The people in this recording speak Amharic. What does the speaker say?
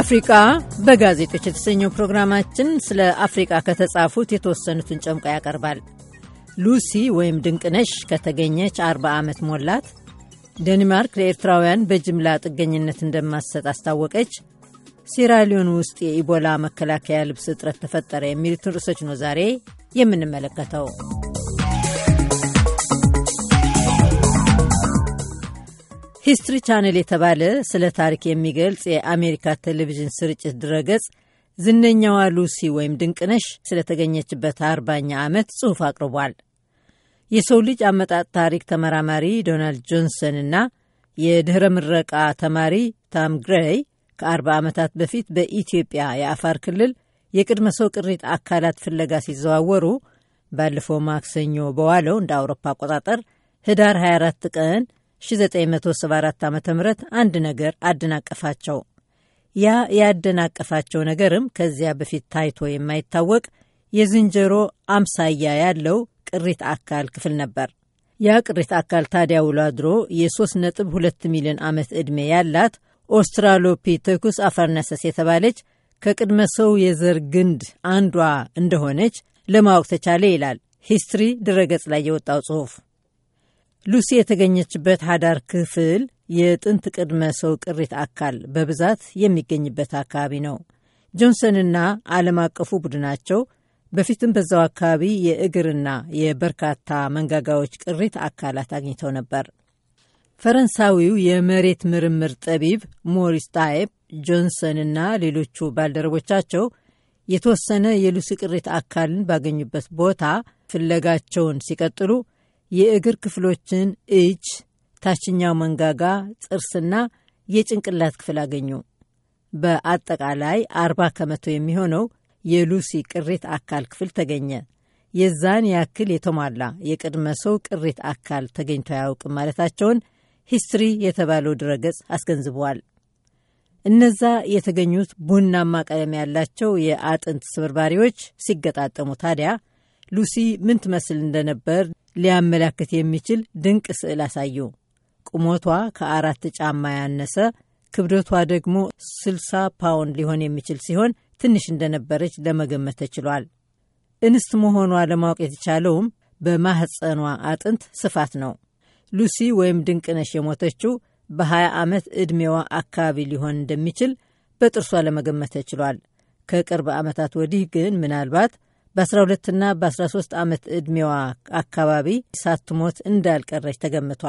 አፍሪቃ በጋዜጦች የተሰኘው ፕሮግራማችን ስለ አፍሪቃ ከተጻፉት የተወሰኑትን ጨምቆ ያቀርባል። ሉሲ ወይም ድንቅነሽ ከተገኘች 40 ዓመት ሞላት፣ ደንማርክ ለኤርትራውያን በጅምላ ጥገኝነት እንደማትሰጥ አስታወቀች፣ ሴራሊዮን ውስጥ የኢቦላ መከላከያ ልብስ እጥረት ተፈጠረ የሚሉትን ርዕሶች ነው ዛሬ የምንመለከተው። ሂስትሪ ቻነል የተባለ ስለ ታሪክ የሚገልጽ የአሜሪካ ቴሌቪዥን ስርጭት ድረገጽ ዝነኛዋ ሉሲ ወይም ድንቅነሽ ስለተገኘችበት አርባኛ ዓመት ጽሑፍ አቅርቧል። የሰው ልጅ አመጣጥ ታሪክ ተመራማሪ ዶናልድ ጆንሰን እና የድኅረ ምረቃ ተማሪ ታም ግሬይ ከአርባ ዓመታት በፊት በኢትዮጵያ የአፋር ክልል የቅድመ ሰው ቅሪት አካላት ፍለጋ ሲዘዋወሩ ባለፈው ማክሰኞ በዋለው እንደ አውሮፓ አቆጣጠር ህዳር 24 ቀን 1974 ዓ ም አንድ ነገር አደናቀፋቸው። ያ ያደናቀፋቸው ነገርም ከዚያ በፊት ታይቶ የማይታወቅ የዝንጀሮ አምሳያ ያለው ቅሪት አካል ክፍል ነበር። ያ ቅሪት አካል ታዲያ ውሎ አድሮ የ3.2 ሚሊዮን ዓመት ዕድሜ ያላት ኦስትራሎፒቴኩስ አፈርነሰስ የተባለች ከቅድመ ሰው የዘር ግንድ አንዷ እንደሆነች ለማወቅ ተቻለ ይላል ሂስትሪ ድረገጽ ላይ የወጣው ጽሑፍ። ሉሲ የተገኘችበት ሀዳር ክፍል የጥንት ቅድመ ሰው ቅሪት አካል በብዛት የሚገኝበት አካባቢ ነው። ጆንሰንና ዓለም አቀፉ ቡድናቸው በፊትም በዛው አካባቢ የእግርና የበርካታ መንጋጋዎች ቅሪት አካላት አግኝተው ነበር። ፈረንሳዊው የመሬት ምርምር ጠቢብ ሞሪስ ጣይብ ጆንሰንና ሌሎቹ ባልደረቦቻቸው የተወሰነ የሉሲ ቅሪት አካልን ባገኙበት ቦታ ፍለጋቸውን ሲቀጥሉ የእግር ክፍሎችን፣ እጅ፣ ታችኛው መንጋጋ፣ ጥርስና የጭንቅላት ክፍል አገኙ። በአጠቃላይ አርባ ከመቶ የሚሆነው የሉሲ ቅሪት አካል ክፍል ተገኘ። የዛን ያክል የተሟላ የቅድመ ሰው ቅሪት አካል ተገኝቶ አያውቅም ማለታቸውን ሂስትሪ የተባለው ድረገጽ አስገንዝበዋል። እነዛ የተገኙት ቡናማ ቀለም ያላቸው የአጥንት ስብርባሪዎች ሲገጣጠሙ ታዲያ ሉሲ ምን ትመስል እንደነበር ሊያመላክት የሚችል ድንቅ ስዕል አሳዩ። ቁመቷ ከአራት ጫማ ያነሰ ክብደቷ ደግሞ 60 ፓውንድ ሊሆን የሚችል ሲሆን ትንሽ እንደነበረች ለመገመት ተችሏል። እንስት መሆኗ ለማወቅ የተቻለውም በማኅፀኗ አጥንት ስፋት ነው። ሉሲ ወይም ድንቅነሽ የሞተችው በ20 ዓመት ዕድሜዋ አካባቢ ሊሆን እንደሚችል በጥርሷ ለመገመት ተችሏል። ከቅርብ ዓመታት ወዲህ ግን ምናልባት በ12ና በ13 ዓመት ዕድሜዋ አካባቢ ሳትሞት እንዳልቀረች ተገምቷል።